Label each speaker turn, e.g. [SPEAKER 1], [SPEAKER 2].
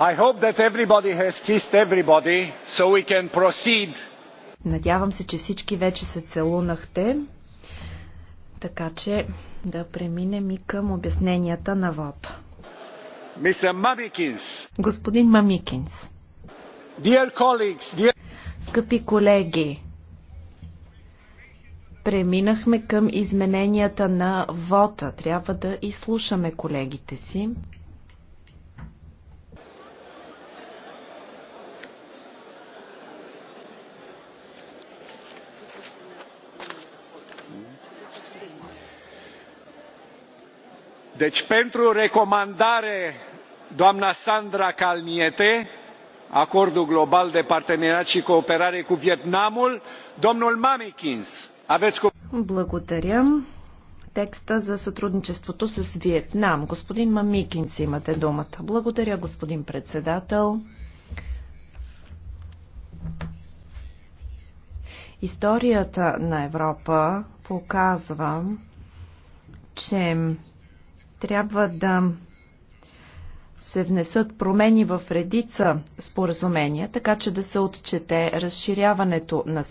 [SPEAKER 1] I hope that everybody has kissed everybody, so we can proceed.
[SPEAKER 2] Надявам се, че всички вече се целунахте, така че да преминем и към обясненията на вод. Господин Мамикинс.
[SPEAKER 3] Dear colleagues, dear... Скъпи колеги,
[SPEAKER 2] преминахме към измененията на вота. Трябва да изслушаме колегите си.
[SPEAKER 4] Deci pentru recomandare, doamna Sandra Calniete, acordul global de parteneriat și cooperare cu Vietnamul, domnul Mamikins. Aveți cu...
[SPEAKER 2] Благодаря. Текста за сътрудничеството с Виетнам. Господин Мамикинс, имате думата. Благодаря, господин председател. Историята на Европа показва, че трябва да се внесат промени в редица споразумения, така че да се отчете разширяването на